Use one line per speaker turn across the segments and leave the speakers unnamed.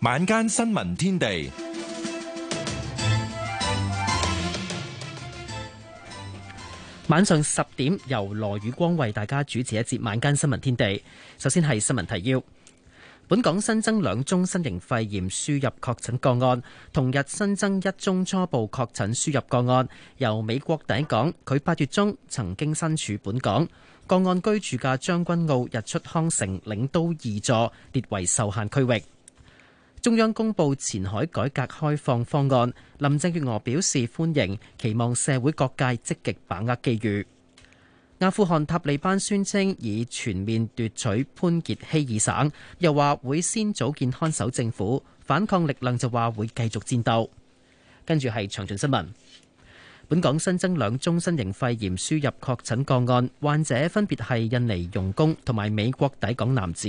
晚間新聞天地，
晚上十點由羅宇光為大家主持一節晚間新聞天地。首先係新聞提要：本港新增兩宗新型肺炎輸入確診個案，同日新增一宗初步確診輸入個案，由美國抵港。佢八月中曾經身處本港，個案居住嘅將軍澳日出康城領都二座，列為受限區域。中央公布前海改革開放方案，林鄭月娥表示歡迎，期望社會各界積極把握機遇。阿富汗塔利班宣稱已全面奪取潘傑希爾省，又話會先組建看守政府。反抗力量就話會繼續戰鬥。跟住係詳盡新聞。本港新增兩宗新型肺炎輸入確診個案，患者分別係印尼傭工同埋美國抵港男子。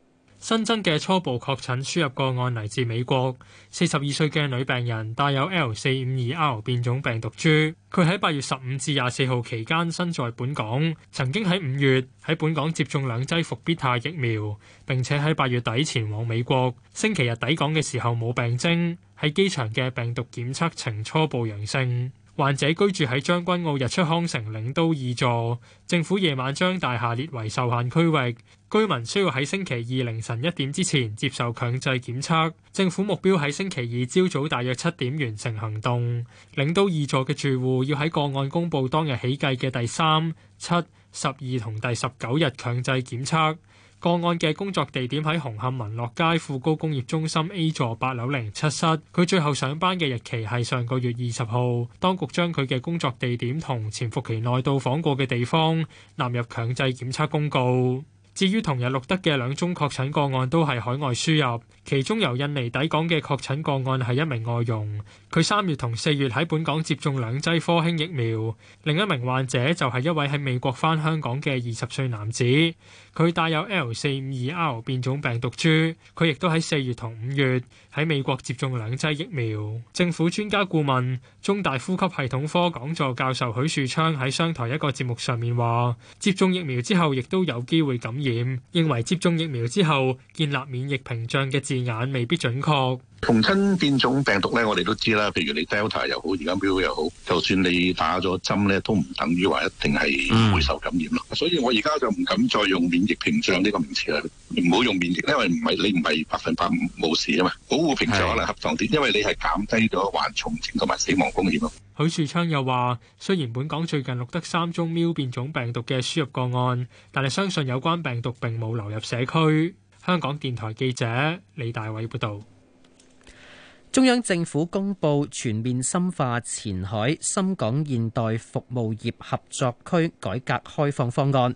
新增嘅初步確診輸入個案嚟自美國，四十二歲嘅女病人帶有 L 四五二 R 變種病毒株。佢喺八月十五至廿四號期間身在本港，曾經喺五月喺本港接種兩劑伏必泰疫苗，並且喺八月底前往美國。星期日抵港嘅時候冇病徵，喺機場嘅病毒檢測呈初步陽性。患者居住喺將軍澳日出康城領都二座，政府夜晚將大廈列為受限區域。居民需要喺星期二凌晨一點之前接受強制檢測，政府目標喺星期二朝早大約七點完成行動。領到二座嘅住戶要喺個案公布當日起計嘅第三、七、十二同第十九日強制檢測。個案嘅工作地點喺紅磡民樂街富高工業中心 A 座八樓零七室，佢最後上班嘅日期係上個月二十號。當局將佢嘅工作地點同潛伏期內到訪過嘅地方納入強制檢測公告。至於同日錄得嘅兩宗確診個案都係海外輸入，其中由印尼抵港嘅確診個案係一名外傭，佢三月同四月喺本港接種兩劑科興疫苗；另一名患者就係一位喺美國返香港嘅二十歲男子。佢帶有 L 四五二 R 變種病毒株，佢亦都喺四月同五月喺美國接種兩劑疫苗。政府專家顧問、中大呼吸系統科講座教授許樹昌喺商台一個節目上面話：接種疫苗之後亦都有機會感染，認為接種疫苗之後建立免疫屏障嘅字眼未必準確。
逢親變種病毒咧，我哋都知啦。譬如你 Delta 又好，而家 Mu 又好，就算你打咗針咧，都唔等於話一定係會受感染咯。所以我而家就唔敢再用免疫屏障呢個名詞啦，唔好用免疫，因為唔係你唔係百分百冇事啊嘛。保護屏障可能恰當啲，因為你係減低咗患重症同埋死亡風險咯。
許樹昌又話：雖然本港最近錄得三宗 Mu 變種病毒嘅輸入個案，但係相信有關病毒並冇流入社區。香港電台記者李大偉報道。
中央政府公布全面深化前海深港現代服務業合作區改革開放方案，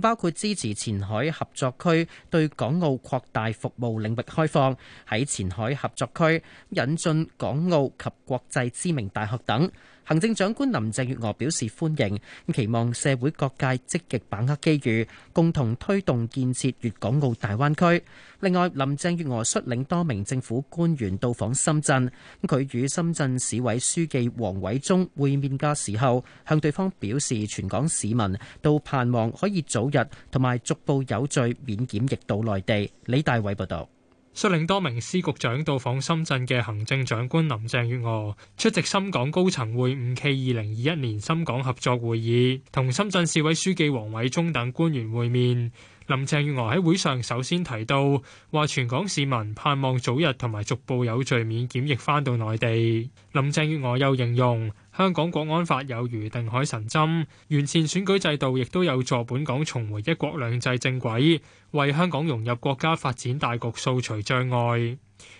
包括支持前海合作區對港澳擴大服務領域開放，喺前海合作區引進港澳及國際知名大學等。行政長官林鄭月娥表示歡迎，期望社會各界積極把握機遇，共同推動建設粵港澳大灣區。另外，林鄭月娥率領多名政府官員到訪深圳，佢與深圳市委書記王偉中會面嘅時候，向對方表示全港市民都盼望可以早日同埋逐步有序免檢疫到內地。李大偉報導。
率領多名司局長到訪深圳嘅行政長官林鄭月娥出席深港高層會晤暨二零二一年深港合作會議，同深圳市委書記王偉中等官員會面。林鄭月娥喺會上首先提到，話全港市民盼望早日同埋逐步有序免檢疫返到內地。林鄭月娥又形容香港國安法有如定海神針，完善選舉制度亦都有助本港重回一國兩制正軌，為香港融入國家發展大局掃除障礙。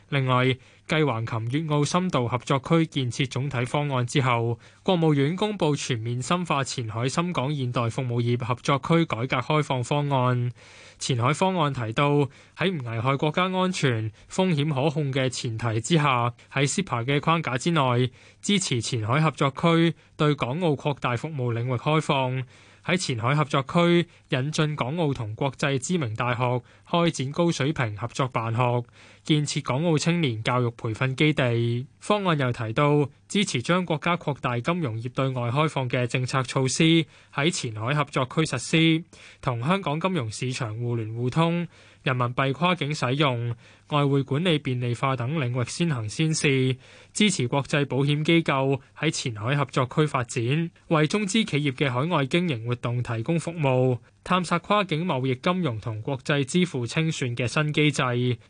另外，繼橫琴粵澳深度合作區建設總體方案之後，國務院公布全面深化前海深港現代服務業合作區改革開放方案。前海方案提到，喺唔危害國家安全、風險可控嘅前提之下，喺「SIPA」嘅框架之內，支持前海合作區對港澳擴大服務領域開放。喺前海合作區引進港澳同國際知名大學，開展高水平合作辦學，建設港澳青年教育培訓基地。方案又提到，支持將國家擴大金融業對外開放嘅政策措施喺前海合作區實施，同香港金融市場互聯互通，人民幣跨境使用，外匯管理便利化等領域先行先試，支持國際保險機構喺前海合作區發展，為中資企業嘅海外經營活動提供服務，探索跨境貿易金融同國際支付清算嘅新機制，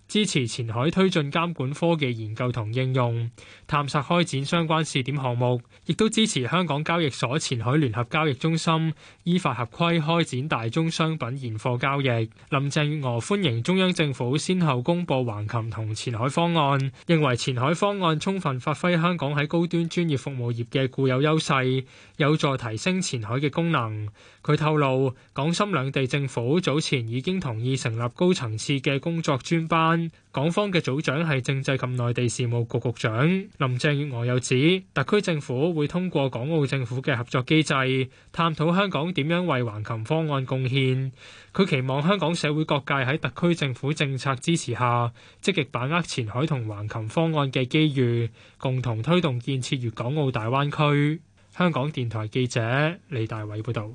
支持前海推進監管科技研究同應用，探索開展相關試點項目，亦都支持香港交易所前海聯合交易中心依法合規開展大宗商品現貨交易。林鄭月娥歡迎中央政府先後公布橫琴同前海方案，認為前海方案充分發揮香港喺高端專業服務業嘅固有優勢，有助提升前海嘅功能。佢透露，港深兩地政府早前已經同意成立高層次嘅工作專班。港方嘅組長係政制及內地事務局局長。林鄭月娥又指，特區政府會通過港澳政府嘅合作機制，探討香港點樣為橫琴方案貢獻。佢期望香港社會各界喺特區政府政策支持下，積極把握前海同橫琴方案嘅機遇，共同推動建設粵港澳大灣區。香港電台記者李大偉報導。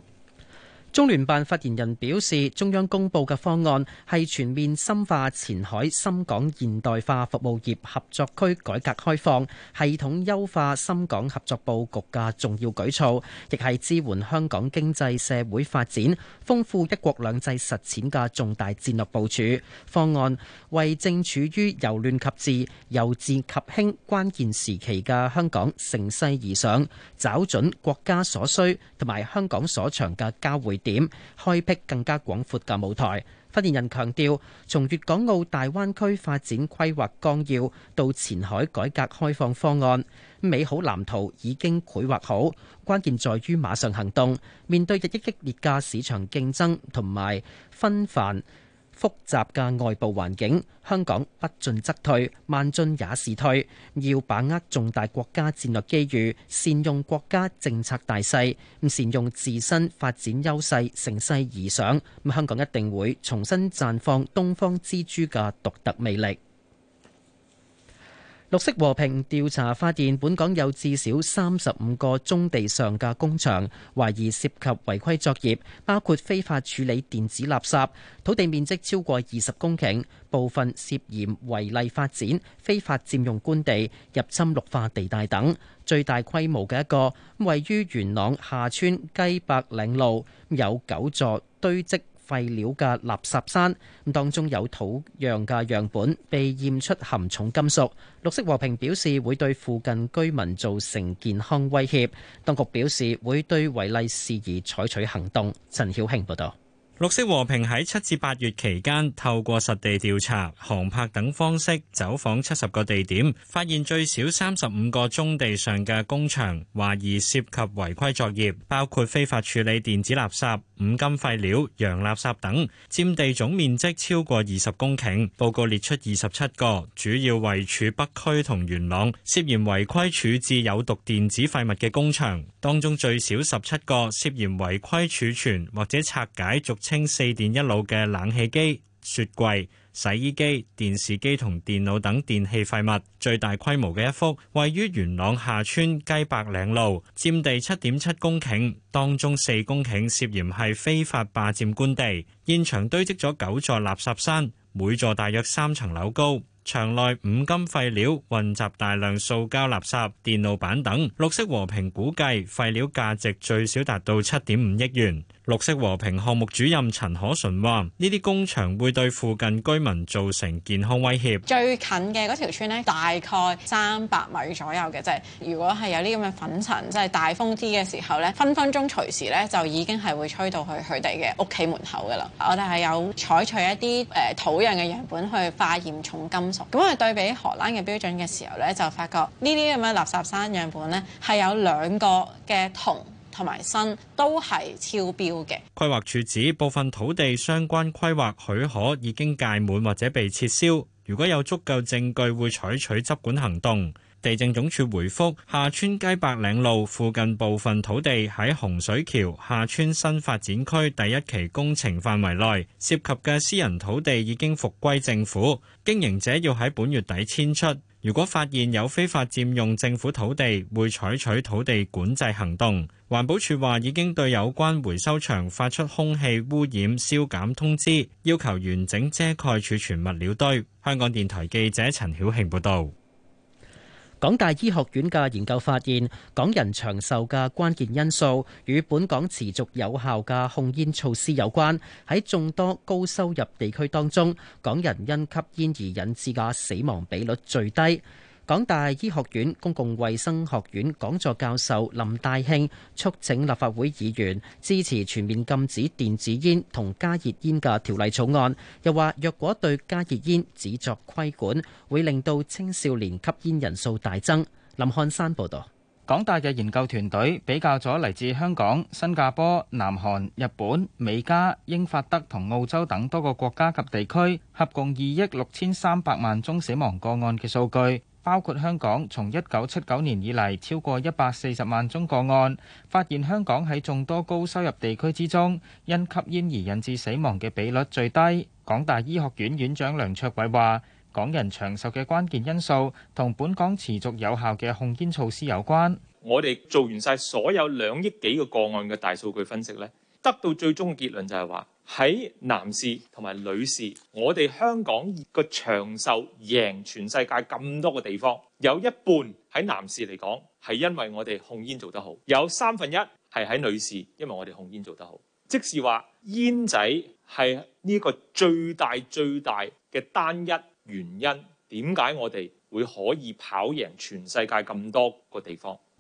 中聯辦發言人表示，中央公布嘅方案係全面深化前海深港現代化服務業合作區改革開放，系統優化深港合作佈局嘅重要舉措，亦係支援香港經濟社會發展、豐富一國兩制實踐嘅重大戰略部署。方案為正處於由亂及治、由治及興關鍵時期嘅香港乘勢而上，找準國家所需同埋香港所長嘅交匯點開闢更加廣闊嘅舞台。發言人強調，從粵港澳大灣區發展規劃綱要到前海改革開放方案，美好藍圖已經繪畫好，關鍵在於馬上行動，面對日益激烈嘅市場競爭同埋紛繁。複雜嘅外部環境，香港不進則退，慢進也是退。要把握重大國家戰略機遇，善用國家政策大勢，唔善用自身發展優勢，乘勢而上。咁香港一定會重新綻放東方之珠嘅獨特魅力。綠色和平調查發現，本港有至少三十五個棕地上嘅工場，懷疑涉，涉及違規作業，包括非法處理電子垃圾，土地面積超過二十公頃，部分涉嫌違例發展、非法佔用官地、入侵綠化地帶等。最大規模嘅一個位於元朗廈村雞白嶺路，有九座堆積。廢料嘅垃圾山，咁當中有土壤嘅樣本被驗出含重金屬。綠色和平表示會對附近居民造成健康威脅，當局表示會對違例事宜採取行動。陳曉慶報道。綠色和平喺七至八月期間，
透過實地調查、航拍等方式走訪七十個地點，發現最少三十五個棕地上嘅工場，懷疑涉及違規作業，包括非法處理電子垃圾、五金廢料、洋垃圾等，佔地總面積超過二十公頃。報告列出二十七個，主要位處北區同元朗，涉嫌違規處置有毒電子廢物嘅工場，當中最少十七個涉嫌違規儲存或者拆解逐，稱四電一腦嘅冷氣機、雪櫃、洗衣機、電視機同電腦等電器廢物，最大規模嘅一幅位於元朗下村雞白嶺路，佔地七點七公頃，當中四公頃涉嫌係非法霸佔官地。現場堆積咗九座垃圾山，每座大約三層樓高，場內五金廢料混雜大量塑膠垃圾、電路板等。綠色和平估計廢料價值最少達到七點五億元。綠色和平項目主任陳可純話：呢啲工場會對附近居民造成健康威脅 。
最近嘅嗰條村呢，大概三百米左右嘅，即係如果係有呢咁嘅粉塵，即係大風啲嘅時候呢，分分鐘隨時呢，就已經係會吹到去佢哋嘅屋企門口噶啦。我哋係有採取一啲誒土壤嘅樣本去化驗重金屬，咁我哋對比荷蘭嘅標準嘅時候呢，就發覺呢啲咁嘅垃圾山樣本呢，係有兩個嘅銅。同埋新都係超標嘅。
規劃署指部分土地相關規劃許可已經屆滿或者被撤銷，如果有足夠證據會採取執管行動，地政總署回覆廈村街白嶺路附近部分土地喺洪水橋廈村新發展區第一期工程範圍內涉及嘅私人土地已經復歸政府，經營者要喺本月底遷出。如果發現有非法佔用政府土地，會採取土地管制行動。環保署話已經對有關回收場發出空氣污染消減通知，要求完整
遮蓋儲存物料堆。香港電台記者陳曉慶報導。港大醫學院嘅研究發現，港人長壽嘅關鍵因素與本港持續有效嘅控煙措施有關。喺眾多高收入地區當中，港人因吸煙而引致嘅死亡比率最低。港大醫學院公共衛生學院講座教授林大慶促請立法會議員支持全面禁止電子煙同加熱煙嘅條例草案，又話若果對加熱煙只作規管，會令到青少年吸煙人數大增。林漢山報導，港大嘅研究團隊比較咗嚟自香港、新
加坡、南韓、日本、美加、英法德同澳洲等多個國家及地區，合共二億六千三百萬宗死亡個案嘅數據。包括香港從一九七九年以嚟超過一百四十萬宗個案，發現香港喺眾多高收入地區之中，因吸煙而引致死亡嘅比率最低。港大醫學院院長梁卓偉話，港人長壽嘅關鍵因素同本港持續有效嘅控煙措施有關。
我哋做完晒所有兩億幾個個案嘅大數據分析咧，得到最終嘅結論就係話。喺男士同埋女士，我哋香港嘅長壽贏全世界咁多個地方，有一半喺男士嚟講係因為我哋控煙做得好，有三分一係喺女士，因為我哋控煙做得好。即是話煙仔係呢個最大最大嘅單一原因，點解我哋會可以跑贏全世界咁多個地方？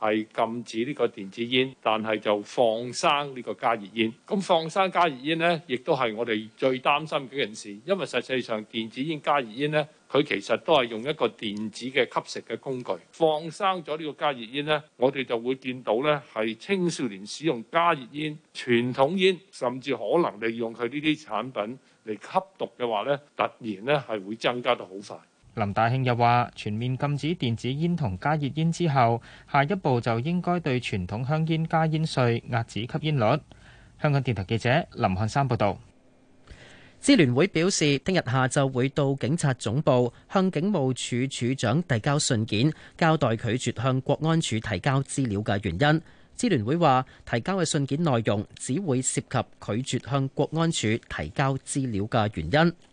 係禁止呢個電子煙，但係就放生呢個加熱煙。咁放生加熱煙呢，亦都係我哋最擔心嘅一件事，因為實際上電子煙加熱煙呢，佢其實都係用一個電子嘅吸食嘅工具。放生咗呢個加熱煙呢，我哋就會見到呢係青少年使用加熱煙、傳統煙，甚至可能利用佢呢啲產品嚟吸毒嘅話呢，突然呢係會增加到好快。
林大慶又話：全面禁止電子煙同加熱煙之後，下一步就應該對傳統香煙
加煙稅，遏止吸煙率。香港電台記者林漢山報道。支聯會表示，聽日下晝會到警察總部向警務處處長遞交信件，交代拒絕向國安處提交資料嘅原因。支聯會話：提交嘅信件內容只會涉及拒絕向國安處提交資料嘅原因。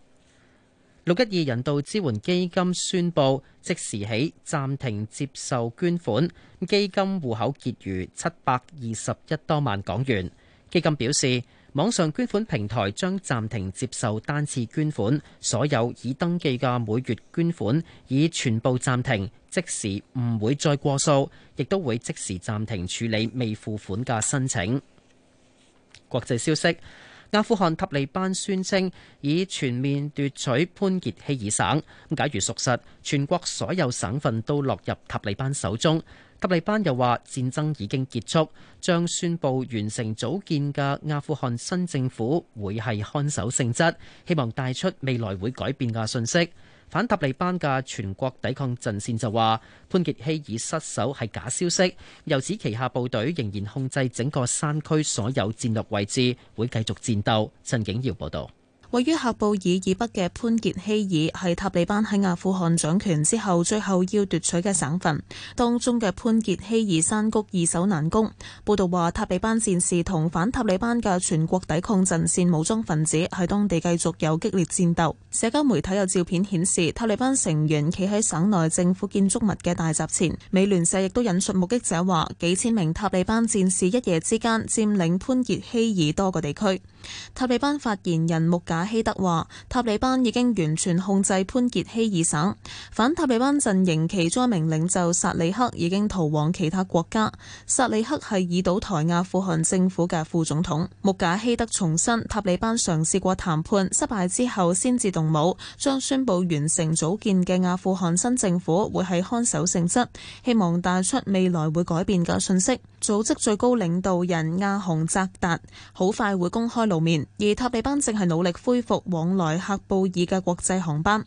六一二人道支援基金宣佈，即時起暫停接受捐款，基金戶口結餘七百二十一多萬港元。基金表示，網上捐款平台將暫停接受單次捐款，所有已登記嘅每月捐款已全部暫停，即時唔會再過數，亦都會即時暫停處理未付款嘅申請。國際消息。阿富汗塔利班宣稱已全面奪取潘傑希爾省。假如屬實，全國所有省份都落入塔利班手中。塔利班又話戰爭已經結束，將宣布完成組建嘅阿富汗新政府會係看守性質，希望帶出未來會改變嘅信息。反塔利班嘅全國抵抗陣線就話：潘傑希爾失守係假消息，由此旗下部隊仍然控制整個山區所有戰略位置，會繼續戰鬥。陳景耀報導。
位於喀布爾以北嘅潘傑希爾係塔利班喺阿富汗掌權之後最後要奪取嘅省份，當中嘅潘傑希爾山谷易守難攻。報道話塔利班戰士同反塔利班嘅全國抵抗陣線武裝分子喺當地繼續有激烈戰鬥。社交媒體有照片顯示塔利班成員企喺省內政府建築物嘅大閘前。美聯社亦都引述目擊者話，幾千名塔利班戰士一夜之間佔領潘傑希爾多個地區。塔利班發言人穆格賈希德話：塔利班已經完全控制潘傑希爾省，反塔利班陣營其中一名領袖薩里克已經逃往其他國家。薩里克係已倒台阿富汗政府嘅副總統。穆賈希德重申，塔利班嘗試過談判失敗之後先至動武，將宣佈完成組建嘅阿富汗新政府會係看守性質，希望帶出未來會改變嘅信息。組織最高領導人阿洪扎達好快會公開露面，而塔利班正係努力。恢復往來喀布爾嘅國際航班。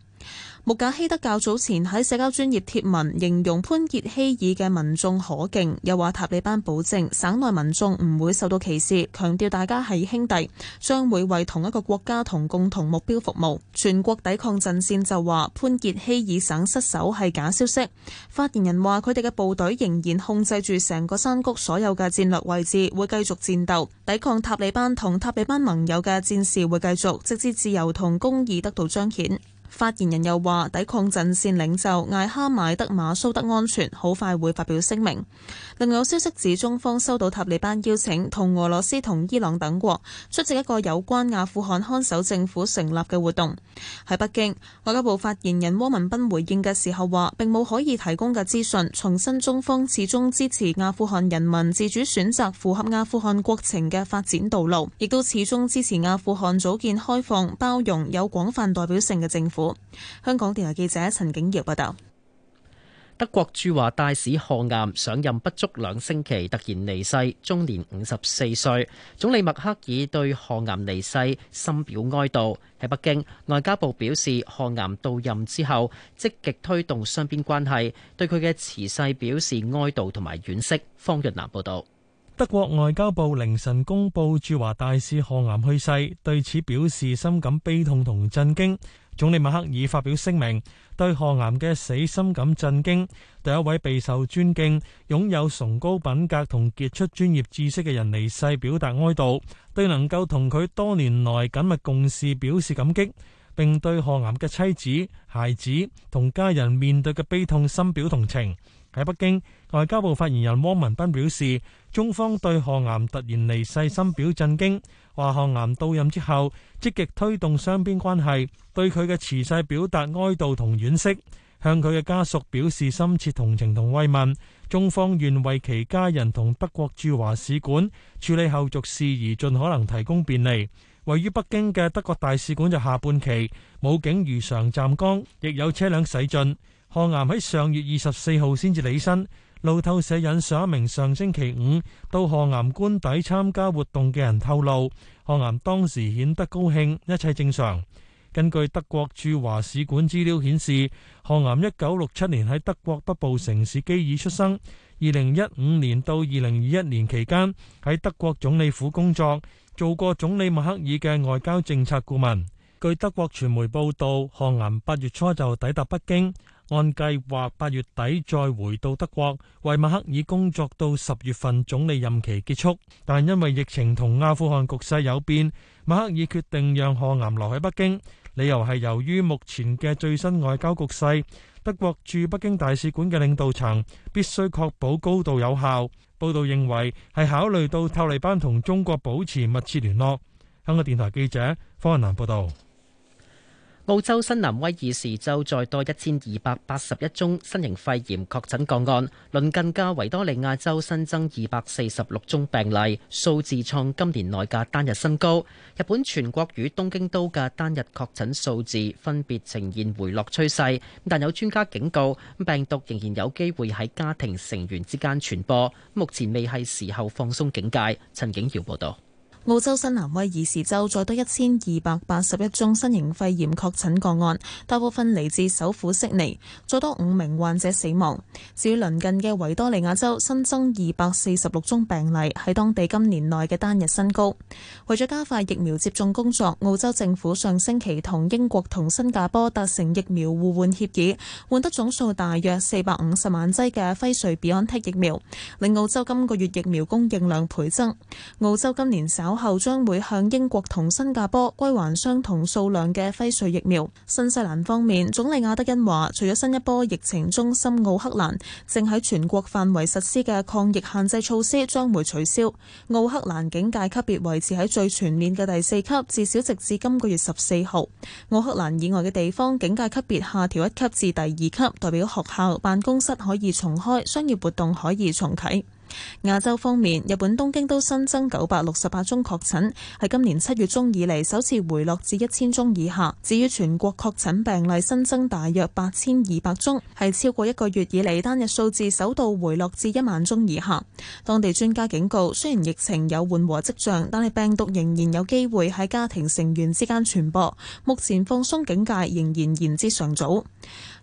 穆賈希德較早前喺社交專業貼文形容潘傑希爾嘅民眾可敬，又話塔利班保證省內民眾唔會受到歧視，強調大家係兄弟，將會為同一個國家同共同目標服務。全國抵抗陣線就話潘傑希爾省失守係假消息。發言人話佢哋嘅部隊仍然控制住成個山谷所有嘅戰略位置，會繼續戰鬥抵抗塔利班同塔利班盟友嘅戰士會繼續，直至自由同公義得到彰顯。發言人又話：抵抗陣線領袖艾哈邁德馬蘇德安全，好快會發表聲明。另有消息指中方收到塔利班邀請，同俄羅斯同伊朗等國出席一個有關阿富汗看守政府成立嘅活動。喺北京外交部發言人汪文斌回應嘅時候話：並冇可以提供嘅資訊，重申中方始終支持阿富汗人民自主選擇符合阿富汗國情嘅發展道路，亦都始終支持阿富汗組建開放包容有廣泛代表性嘅政府。香港電台記者陳景堯報道，
德國駐華大使賀岩上任不足兩星期，突然離世，終年五十四歲。總理默克爾對賀岩離世深表哀悼。喺北京，外交部表示，賀岩到任之後積極推動雙邊關係，對佢嘅辭世表示哀悼同埋惋惜。方潤南報道，
德國外交部凌晨公布駐華大使賀岩去世，對此表示深感悲痛同震驚。總理默克爾發表聲明，對賀岩嘅死深感震驚，對一位備受尊敬、擁有崇高品格同傑出專業知識嘅人離世表達哀悼，對能夠同佢多年來緊密共事表示感激，並對賀岩嘅妻子、孩子同家人面對嘅悲痛深表同情。喺北京，外交部發言人汪文斌表示，中方對賀岩突然離世深表震驚，話賀岩到任之後積極推動雙邊關係，對佢嘅辭世表達哀悼同惋惜，向佢嘅家屬表示深切同情同慰問，中方願為其家人同德國駐華使館處理後續事宜，盡可能提供便利。位於北京嘅德國大使館就下半旗，武警如常站崗，亦有車輛駛進。賀岩喺上月二十四號先至起身。路透社引上一名上星期五到賀岩官邸參加活動嘅人透露，賀岩當時顯得高興，一切正常。根據德國駐華使館資料顯示，賀岩一九六七年喺德國北部城市基爾出生。二零一五年到二零二一年期間喺德國總理府工作，做過總理默克爾嘅外交政策顧問。據德國傳媒報道，賀岩八月初就抵達北京。按計劃八月底再回到德國為默克爾，工作到十月份總理任期結束，但因為疫情同阿富汗局勢有變，默克爾決定讓何岩留喺北京，理由係由於目前嘅最新外交局勢，德國駐北京大使館嘅領導層必須確保高度有效。報道認為係考慮到塔利班同中國保持密切聯絡。香港電台記者方雲南報道。
澳洲新南威爾士州再多一千二百八十一宗新型肺炎確診個案，鄰近嘅維多利亞州新增二百四十六宗病例，數字創今年內嘅單日新高。日本全國與東京都嘅單日確診數字分別呈現回落趨勢，但有專家警告，病毒仍然有機會喺家庭成員之間傳播，目前未係時候放鬆警戒。陳景瑤報道。
澳洲新南威爾士州再多一千二百八十一宗新型肺炎確診個案，大部分嚟自首府悉尼，再多五名患者死亡。至於鄰近嘅維多利亞州新增二百四十六宗病例，喺當地今年內嘅單日新高。為咗加快疫苗接種工作，澳洲政府上星期同英國同新加坡達成疫苗互換協議，換得總數大約四百五十萬劑嘅輝瑞比安 o 疫苗，令澳洲今個月疫苗供應量倍增。澳洲今年稍後將會向英國同新加坡歸還相同數量嘅輝瑞疫苗。新西蘭方面，總理阿德恩話，除咗新一波疫情中心奧克蘭，正喺全國範圍實施嘅抗疫限制措施將會取消，奧克蘭警戒級別維持喺最全面嘅第四級，至少直至今個月十四號。奧克蘭以外嘅地方警戒級別下調一級至第二級，代表學校、辦公室可以重開，商業活動可以重啟。亞洲方面，日本東京都新增九百六十八宗確診，係今年七月中以嚟首次回落至一千宗以下。至於全國確診病例新增大約八千二百宗，係超過一個月以嚟單日數字首度回落至一萬宗以下。當地專家警告，雖然疫情有緩和迹象，但係病毒仍然有機會喺家庭成員之間傳播。目前放鬆警戒仍然言之尚早。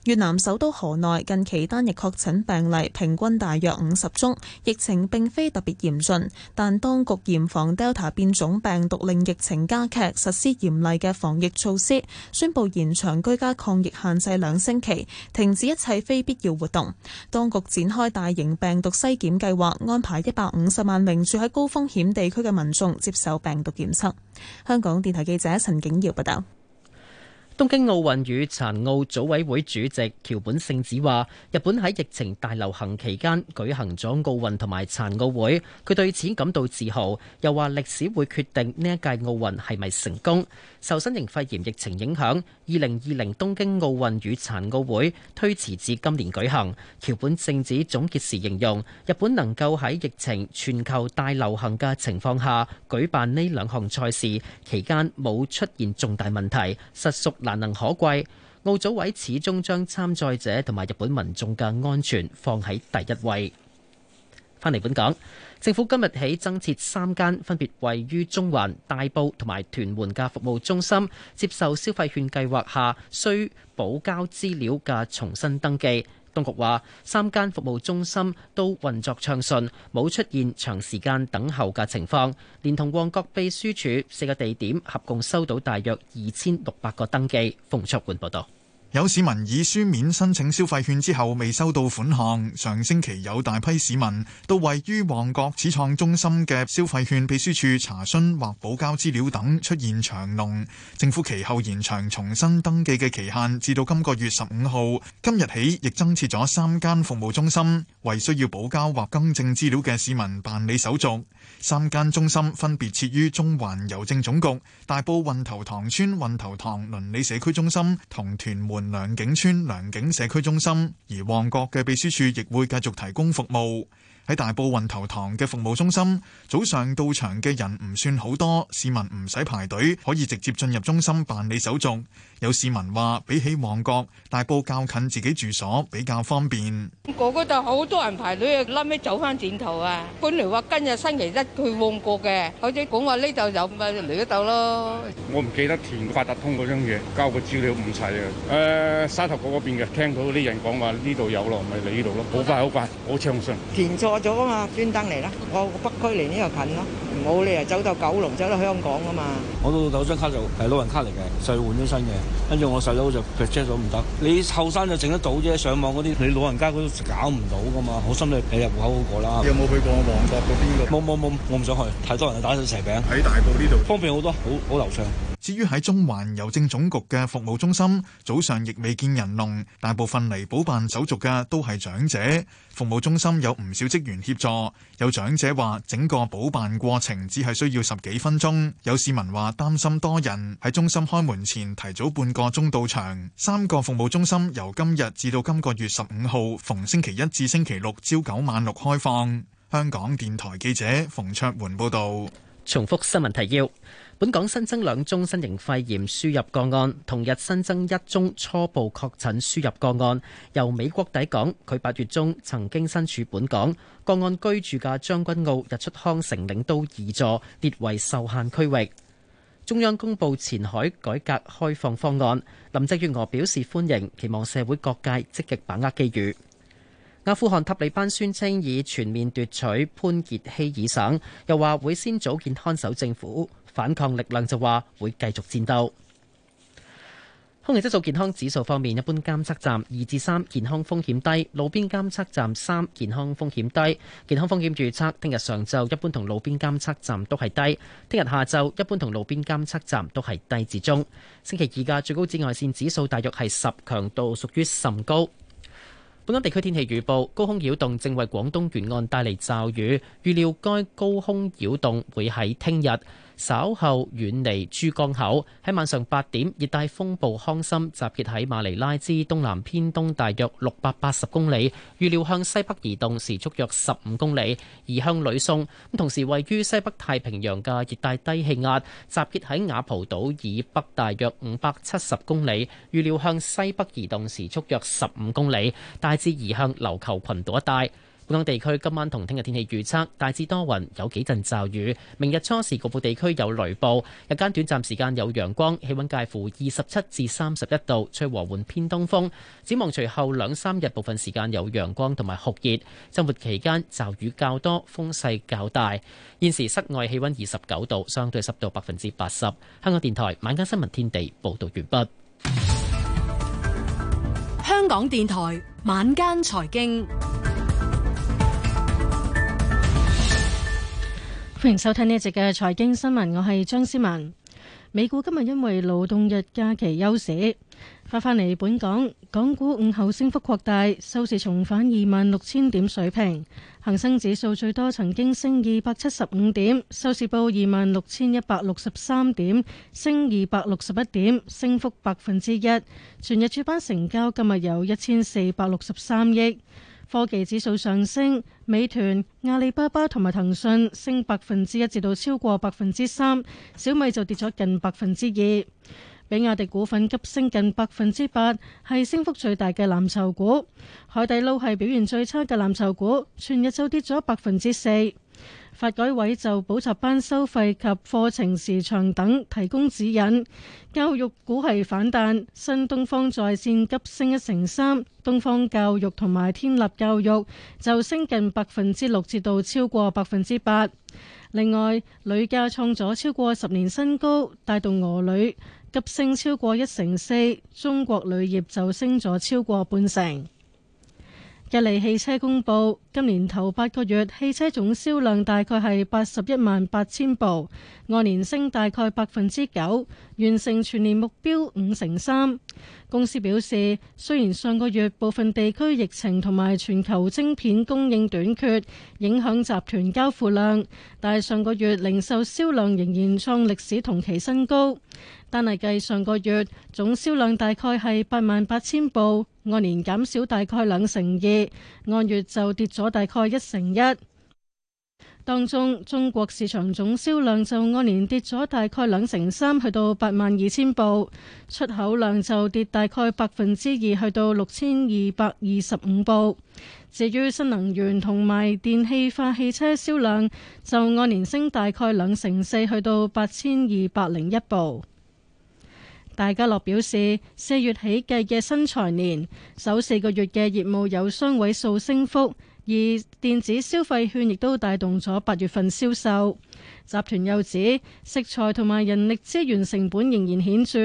越南首都河內近期單日確診病例平均大約五十宗，疫情並非特別嚴峻，但當局嚴防 Delta 變種病毒令疫情加劇，實施嚴厲嘅防疫措施，宣布延長居家抗疫限制兩星期，停止一切非必要活動。當局展開大型病毒篩檢計劃，安排一百五十萬名住喺高風險地區嘅民眾接受病毒檢測。香港電台記者陳景耀報道。
東京奧運與殘奧組委會主席橋本聖子話，日本喺疫情大流行期間舉行咗奧運同埋殘奧會，佢對此感到自豪，又話歷史會決定呢一屆奧運係咪成功。受新型肺炎疫情影響。二零二零東京奧運與殘奧會推遲至今年舉行。橋本聖子總結時形容，日本能夠喺疫情全球大流行嘅情況下舉辦呢兩項賽事，期間冇出現重大問題，實屬難能可貴。奧組委始終將參賽者同埋日本民眾嘅安全放喺第一位。返嚟本港，政府今日起增設三間，分別位於中環、大埔同埋屯門嘅服務中心，接受消費券計劃下需補交資料嘅重新登記。當局話，三間服務中心都運作暢順，冇出現長時間等候嘅情況。連同旺角秘書處四個地點，合共收到大約二千六百個登記。馮卓冠報道。
有市民以書面申請消費券之後，未收到款項。上星期有大批市民到位於旺角始創中心嘅消費券秘書處查詢或補交資料等，出現長龍。政府其後延長重新登記嘅期限，至到今個月十五號。今日起亦增設咗三間服務中心，為需要補交或更正資料嘅市民辦理手續。三間中心分別設於中環郵政總局、大埔運頭塘村運頭塘鄰里社區中心同屯門良景村良景社區中心，而旺角嘅秘書處亦會繼續提供服務。喺大埔運頭塘嘅服務中心，早上到場嘅人唔算好多，市民唔使排隊，可以直接進入中心辦理手續。有市民話：比起旺角，大埔較近自己住所，比較方便。
嗰度就好多人排隊啊，臨尾走翻轉頭啊。本來話今日星期
一去旺角嘅，佢哋講話呢度有咪嚟呢度咯。
我唔記得填八達
通嗰張嘢，交個資料唔齊啊。誒，沙頭角嗰邊嘅聽到啲人講話呢度有咯，咪嚟呢度咯。好快好快，好暢順。
填錯咗啊嘛，專登嚟啦！我北區離呢度近咯，啊，冇理由走到九龍走到香港啊嘛，嘛！我老豆張卡就係老人卡嚟嘅，要換咗新嘅，跟住我細佬就撇車咗唔得。你後生就整得到啫，上網嗰啲你老人家嗰啲搞唔到噶嘛！好心你畀入戶口嗰個啦。你有冇去過旺角嗰邊？冇冇冇，我唔想去，太多人打到蛇餅。喺大埔呢度方便好多，好好流暢。
至於喺中環郵政總局嘅服務中心，早上亦未見人龍，大部分嚟補辦手續嘅都係長者。服務中心有唔少職員協助，有長者話整個補辦過程只係需要十幾分鐘。有市民話擔心多人喺中心開門前提早半個鐘到場。三個服務中心由今日至到今個月十五號，逢星期一至星期六朝九晚六開放。香港電台記者馮
卓桓報道。重複新聞提要。本港新增兩宗新型肺炎輸入個案，同日新增一宗初步確診輸入個案，由美國抵港。佢八月中曾經身處本港個案居住嘅將軍澳日出康城領都二座，列為受限區域。中央公布前海改革開放方案，林鄭月娥表示歡迎，期望社會各界積極把握機遇。阿富汗塔利班宣稱已全面奪取潘傑希爾省，又話會先組建看守政府。反抗力量就話會繼續戰鬥。空氣質素健康指數方面，一般監測站二至三，健康風險低；路邊監測站三，健康風險低。健康風險預測，聽日上晝一般同路邊監測站都係低；聽日下晝一般同路邊監測站都係低至中。星期二嘅最高紫外線指數大約係十，強度屬於甚高。本港地區天氣預報：高空擾動正為廣東沿岸帶嚟驟雨，預料該高空擾動會喺聽日，稍後遠離珠江口，喺晚上八點，熱帶風暴康森集結喺馬尼拉之東南偏東大約六百八十公里，預料向西北移動時速約十五公里，移向呂宋。同時，位於西北太平洋嘅熱帶低氣壓集結喺雅蒲島以北大約五百七十公里，預料向西北移動時速約十五公里，大致移向琉球群島一帶。本港地區今晚同聽日天氣預測，大致多雲，有幾陣驟雨。明日初時局部地區有雷暴，日間短暫時間有陽光，氣溫介乎二十七至三十一度，吹和緩偏東風。展望隨後兩三日，部分時間有陽光同埋酷熱。周末期間驟雨較多，風勢較大。現時室外氣溫二十九度，相對濕度百分之八十。香港電台晚間新聞天地報道完畢。
香港電台晚間財經。歡迎收聽呢一節嘅財經新聞，我係張思文。美股今日因為勞動日假期休市，翻翻嚟，本港，港股午後升幅擴大，收市重返二萬六千點水平。恆生指數最多曾經升二百七十五點，收市報二萬六千一百六十三點，升二百六十一點，升幅百分之一。全日主板成交今日有一千四百六十三億。科技指數上升，美團、阿里巴巴同埋騰訊升百分之一至到超過百分之三，小米就跌咗近百分之二。比亞迪股份急升近百分之八，係升幅最大嘅藍籌股。海底撈係表現最差嘅藍籌股，全日就跌咗百分之四。發改委就補習班收費及課程時長等提供指引，教育股係反彈，新東方在線急升一成三，東方教育同埋天立教育就升近百分之六至到超過百分之八。另外，鋁價創咗超過十年新高，帶動俄鋁急升超過一成四，中國鋁業就升咗超過半成。吉利汽車公布，今年頭八個月汽車總銷量大概係八十一萬八千部，按年升大概百分之九，完成全年目標五成三。公司表示，雖然上個月部分地區疫情同埋全球晶片供應短缺影響集團交付量，但係上個月零售銷量仍然創歷史同期新高。單係計上個月總銷量大概係八萬八千部，按年減少大概兩成二，按月就跌咗大概一成一。當中中國市場總銷量就按年跌咗大概兩成三，去到八萬二千部；出口量就跌大概百分之二，去到六千二百二十五部。至於新能源同埋電氣化汽車銷量就按年升大概兩成四，去到八千二百零一部。大家樂表示，四月起計嘅新財年首四個月嘅業務有雙位數升幅，而電子消費券亦都帶動咗八月份銷售。集團又指，食材同埋人力資源成本仍然顯著，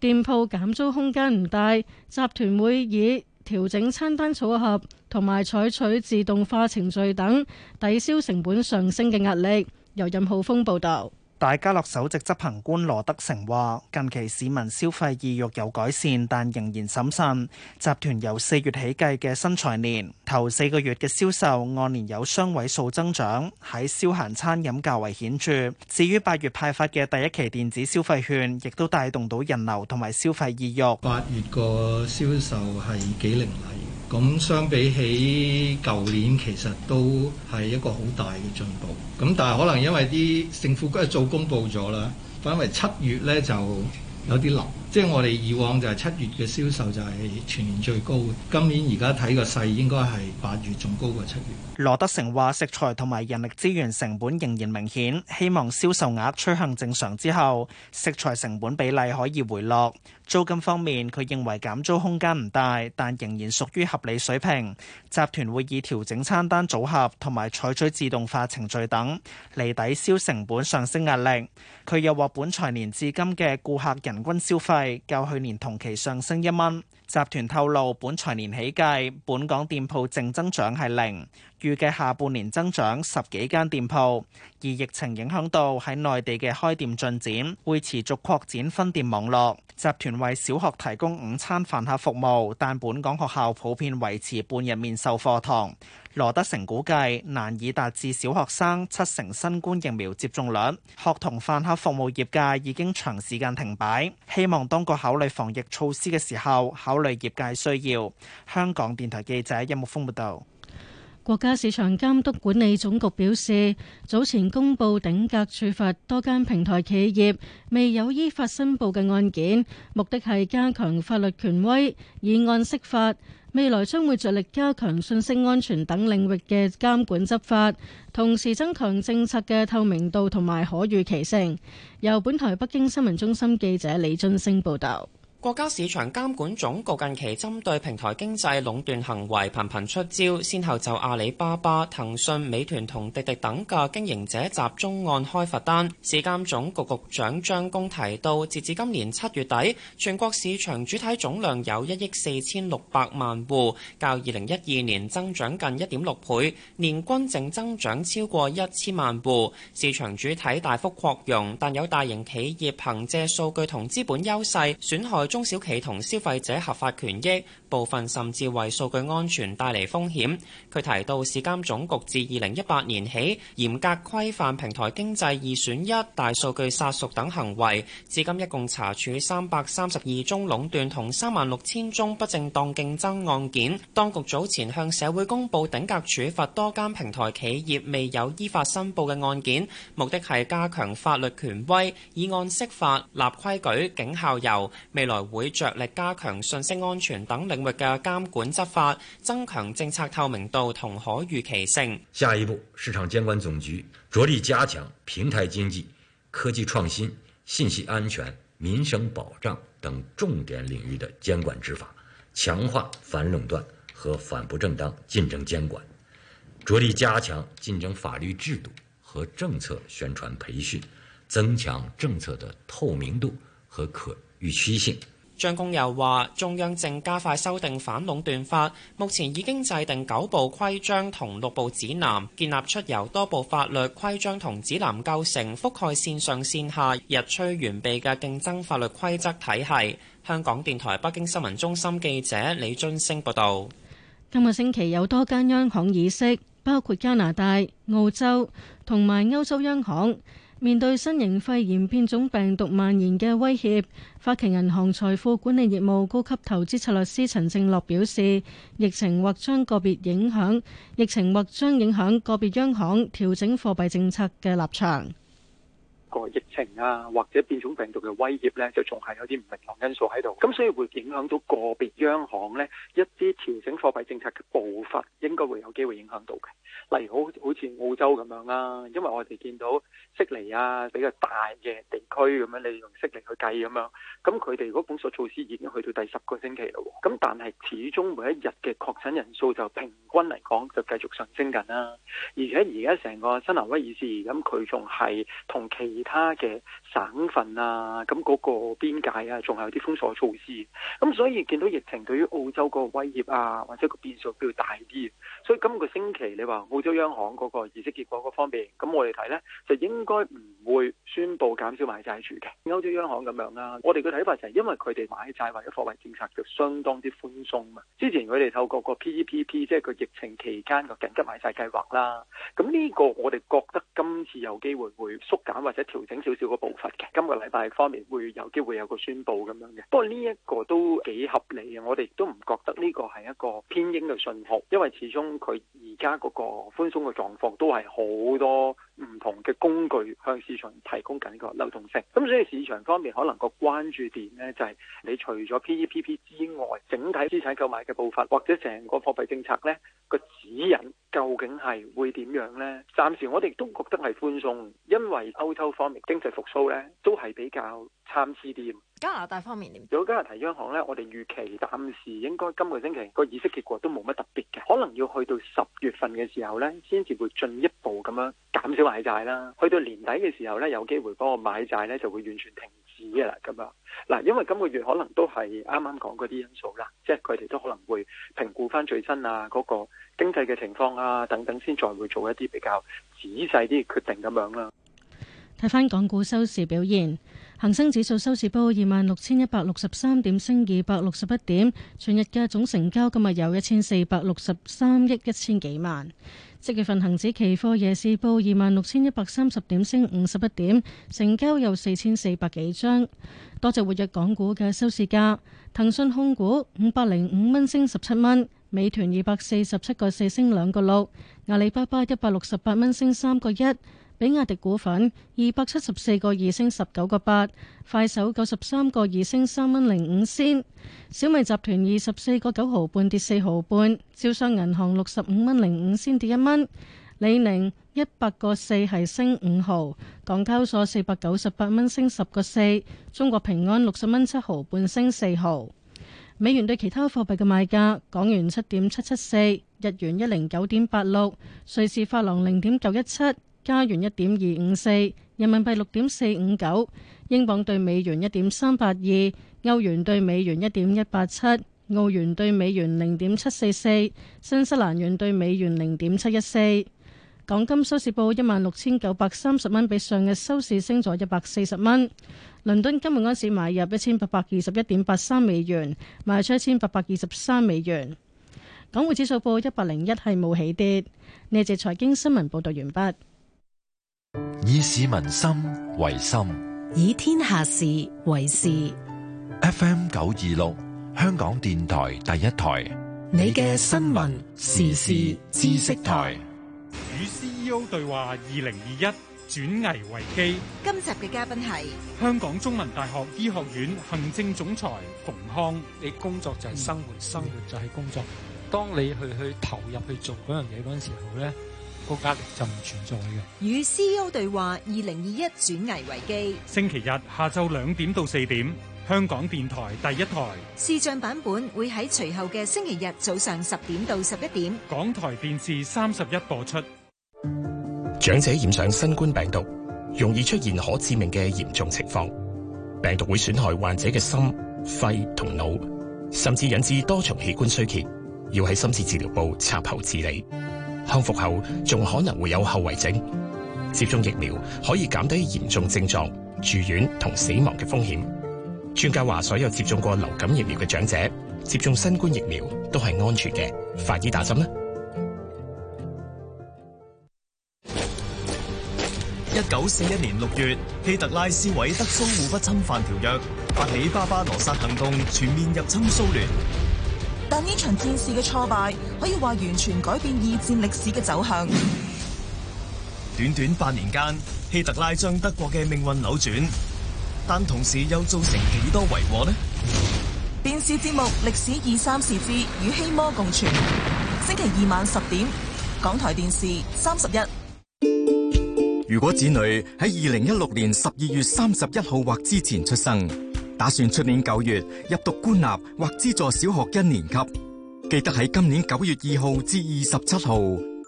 店鋪減租空間唔大。集團會以調整餐單組合同埋採取自動化程序等，抵消成本上升嘅壓力。由任浩峰報道。
大家樂首席執行官羅德成話：近期市民消費意欲有改善，但仍然審慎。集團由四月起計嘅新財年，頭四個月嘅銷售按年有雙位數增長，喺消閒餐飲較為顯著。至於八月派發嘅第一期電子消費券，亦都帶動到人流同埋消費意欲。八
月個銷售係幾凌厲，咁相比起舊年，其實都係一個好大嘅進步。咁但係可能因為啲政府一早公布咗啦，反為七月呢就有啲冷。即係我哋以往就係七月嘅銷售就係全年最高。今年而家睇個勢應該係八月仲高過七月。
羅德成話食材同埋人力資源成本仍然明顯，希望銷售額趨向正常之後食材成本比例可以回落。租金方面，佢認為減租空間唔大，但仍然屬於合理水平。集團會以調整餐單組合同埋採取自動化程序等嚟抵消成本上升壓力。佢又話本財年至今嘅顧客人均消費。較去年同期上升一蚊。集團透露，本財年起計，本港店鋪淨增長係零，預計下半年增長十幾間店鋪。而疫情影響到喺內地嘅開店進展，會持續擴展分店網絡。集團為小學提供午餐飯盒服務，但本港學校普遍維持半日面授課堂。羅德成估計難以達至小學生七成新冠疫苗接種率，學童飯盒服務業界已經長時間停擺。希望當局考慮防疫措施嘅時候，考慮業界需要。香港電台記者任木峰報道。
國家市場監督管理總局表示，早前公布頂格處罰多間平台企業未有依法申報嘅案件，目的係加強法律權威，以案釋法。未來將會着力加強信息安全等領域嘅監管執法，同時增強政策嘅透明度同埋可預期性。由本台北京新聞中心記者李津升報道。
國家市場監管總局近期針對平台經濟壟斷行為頻頻出招，先後就阿里巴巴、騰訊、美團同滴滴等嘅經營者集中案開罰單。市監總局局長張工提到，截至今年七月底，全國市場主體總量有一億四千六百萬戶，較二零一二年增長近一點六倍，年均淨增長超過一千萬戶，市場主體大幅擴容，但有大型企業憑借數據同資本優勢損害。中小企同消費者合法權益。部分甚至為數據安全帶嚟風險。佢提到市監總局自二零一八年起嚴格規範平台經濟二選一、大數據殺熟等行為，至今一共查處三百三十二宗壟斷同三萬六千宗不正當競爭案件。當局早前向社會公布頂格處罰多間平台企業未有依法申報嘅案件，目的係加強法律權威，以案釋法立規矩、警效尤。未來會着力加強信息安全等領物嘅監管執法，增強政策透明度同可預期性。
下一步，市場監管總局着力加強平台經濟、科技創新、信息安全、民生保障等重點領域的監管執法，強化反壟斷和反不正當競爭監管，着力加強競爭法律制度和政策宣傳培訓，增強政策的透明度和可預期
性。張公又話，中央正加快修訂反壟斷法，目前已經制定九部規章同六部指南，建立出由多部法律規章同指南構成、覆蓋線上線下、日趨完備嘅競爭法律規則體系。香港電台北京新聞中心記者李津星報道：
今個星期有多間央行議息，包括加拿大、澳洲同埋歐洲央行。面對新型肺炎變種病毒蔓延嘅威脅，花旗銀行財富管理業務高級投資策略師陳正樂表示，疫情或將個別影響，疫情或將影響個別央行調整貨幣政策嘅立場。
個疫情啊，或者變種病毒嘅威脅咧，就仲係有啲唔明朗因素喺度，咁所以會影響到個別央行咧一啲調整貨幣政策嘅步伐，應該會有機會影響到嘅。例如好好似澳洲咁樣啦、啊，因為我哋見到悉尼啊比較大嘅地區咁樣，你用悉尼去計咁樣，咁佢哋嗰本所措施已經去到第十個星期啦、啊。咁但係始終每一日嘅確診人數就平均嚟講就繼續上升緊、啊、啦。而且而家成個新南威爾士咁，佢仲係同期。其他嘅省份啊，咁嗰個邊界啊，仲係有啲封鎖措施。咁所以見到疫情對於澳洲個威脅啊，或者個變數比較大啲。所以今個星期你話澳洲央行嗰個議息結果嗰方面，咁我哋睇咧就應該唔會宣布減少買債券嘅。歐洲央行咁樣啦，啊，我哋嘅睇法就係因為佢哋買債或者貨幣政策就相當之寬鬆啊。之前佢哋透過個 PPP 即係個疫情期間個緊急買債計劃啦。咁呢個我哋覺得今次有機會會縮減或者。調整少少個步伐嘅，今個禮拜方面會有機會有個宣佈咁樣嘅。不過呢一個都幾合理嘅，我哋都唔覺得呢個係一個偏鷹嘅信號，因為始終佢而家嗰個寬鬆嘅狀況都係好多唔同嘅工具向市場提供緊個流動性，咁所以市場方面可能個關注點呢，就係，你除咗 PEPP 之外，整體資產購買嘅步伐或者成個貨幣政策呢個指引究竟係會點樣呢？暫時我哋都覺得係寬鬆，因為歐洲方面經濟復甦呢，都係比較參差啲。
加
拿大方面，如果加拿大央行咧，我哋預期暫時應該今個星期個議息結果都冇乜特別嘅，可能要去到十月份嘅時候咧，先至會進一步咁樣減少買債啦。去到年底嘅時候咧，有機會嗰個買債咧就會完全停止噶啦咁啊！嗱，因為今個月可能都係啱啱講嗰啲因素啦，即係佢哋都可能會評估翻最新啊，嗰個經濟嘅情況啊等等，先再會做一啲比較仔細啲決定咁樣啦。
睇翻港股收市表現。恒生指數收市報二萬六千一百六十三點，升二百六十一點。全日嘅總成交今日有一千四百六十三億一千幾萬。即月份恒指期貨夜市報二萬六千一百三十點，升五十一點，成交有四千四百幾張。多隻活躍港股嘅收市價：騰訊控股五百零五蚊升十七蚊，美團二百四十七個四升兩個六，阿里巴巴一百六十八蚊升三個一。比亞迪股份二百七十四個二升十九個八，快手九十三個二升三蚊零五仙，小米集團二十四個九毫半跌四毫半，招商銀行六十五蚊零五仙跌一蚊，李寧一百個四係升五毫，港交所四百九十八蚊升十個四，中國平安六十蚊七毫半升四毫。美元對其他貨幣嘅賣價：港元七點七七四，日元一零九點八六，瑞士法郎零點九一七。加元一點二五四，4, 人民幣六點四五九，英鎊兌美元一點三八二，歐元兌美元一點一八七，澳元兌美元零點七四四，新西蘭元兌美元零點七一四。港金收市報一萬六千九百三十蚊，比上日收市升咗一百四十蚊。倫敦金每盎司買入一千八百二十一點八三美元，賣出一千八百二十三美元。港匯指數報一百零一，係冇起跌。呢節財經新聞報道完畢。
以
市民心為心，
以天下事為事。
FM 九二六，香港電台第一台，
你嘅新聞
時事知識台。與 CEO 對話二零二一，轉危為機。
今集嘅嘉賓係
香港中文大學醫學院行政總裁馮康。你工作就係生活，生活就係工作。當你去去投入去做嗰樣嘢嗰陣時候咧。壓力就
唔存在嘅。與 CEO 對話，二零二一轉危為機。
星期日下晝兩點到四點，香港電台
第一台
視像版本會喺隨後嘅星期日早上十點到十一點，
港台電視三十一播出。
長者染上新冠病毒，
容易出現可致命嘅嚴重情況，病毒會損害患者嘅心、肺同腦，甚至引致多重器官衰竭，要喺深切治療部插喉治理。康復後仲可能會有後遺症，接種疫苗可以減低嚴重症狀、住院同死亡嘅風險。專家話，所有接種過流感疫苗嘅長者接種新冠疫苗都係安全嘅。快啲打針啦！
一九四一年六月，希特拉撕毀《德蘇互不侵犯條約》，發起巴巴羅薩行動全面入侵蘇聯。
但呢場戰事嘅挫敗，可以話完全改變二戰歷史嘅走向。
短短八年間，希特拉將德國嘅命運扭轉，但同時又造成幾多遺禍呢？
電視節目《歷史二三事之與希魔共存》，星期二晚十點，港台電視三十一。
如果子女喺二零一六年十二月三十一號或之前出生，打算出年九月入讀官立或資助小學一年級，記得喺今年九月二號至二十七號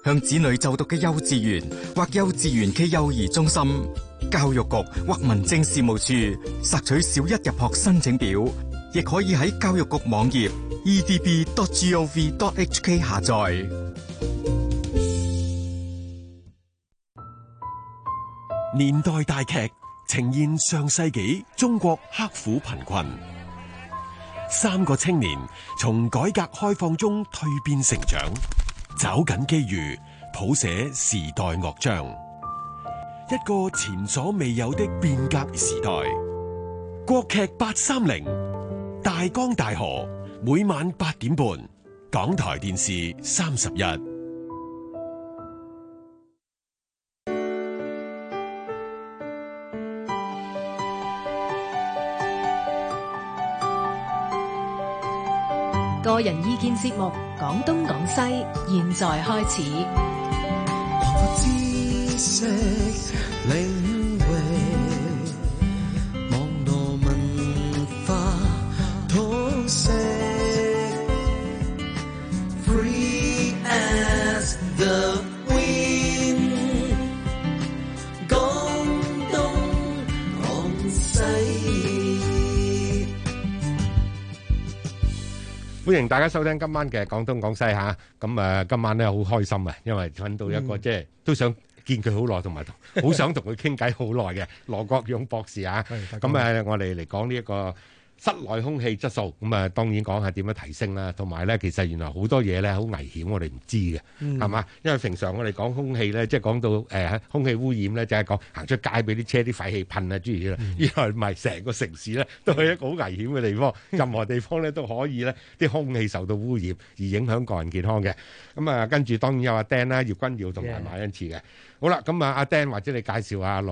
向子女就讀嘅幼稚園或幼稚園區幼兒中心、教育局或民政事務處索取小一入學申請表，亦可以喺教育局網頁 edb.gov.hk 下載。
年代大劇。呈現上世紀中國刻苦貧困，三個青年從改革開放中蛻變成長，找緊機遇，譜寫時代樂章。一個前所未有的變革時代。國劇八三零大江大河，每晚八點半，港台電視三十
一。
個人意見節目，講東講西，現在開始。
歡迎大家收聽今晚嘅廣東廣西吓，咁誒
今晚咧好開心啊，因為搵到一個即係、嗯、都想見佢好耐，同埋同好想同佢傾偈好耐嘅羅國勇博士啊，咁啊、嗯嗯、我哋嚟講呢一個。室內空氣質素咁啊，當然講下點樣提升啦，同埋咧，其實原來好多嘢咧好危險，我哋唔知嘅，係嘛、嗯？因為平常我哋講空氣咧，即係講到誒、呃、空氣污染咧，就係講行出街俾啲車啲廢氣噴啊諸如此類。因、嗯、來唔係成個城市咧都係一個好危險嘅地方，嗯、任何地方咧都可以咧啲空氣受到污染而影響個人健康嘅。咁、
嗯、啊，跟住當然有阿 Dan 啦、葉君耀同埋馬恩志嘅。嗯、好啦，咁啊，阿 Dan 或者你介紹下。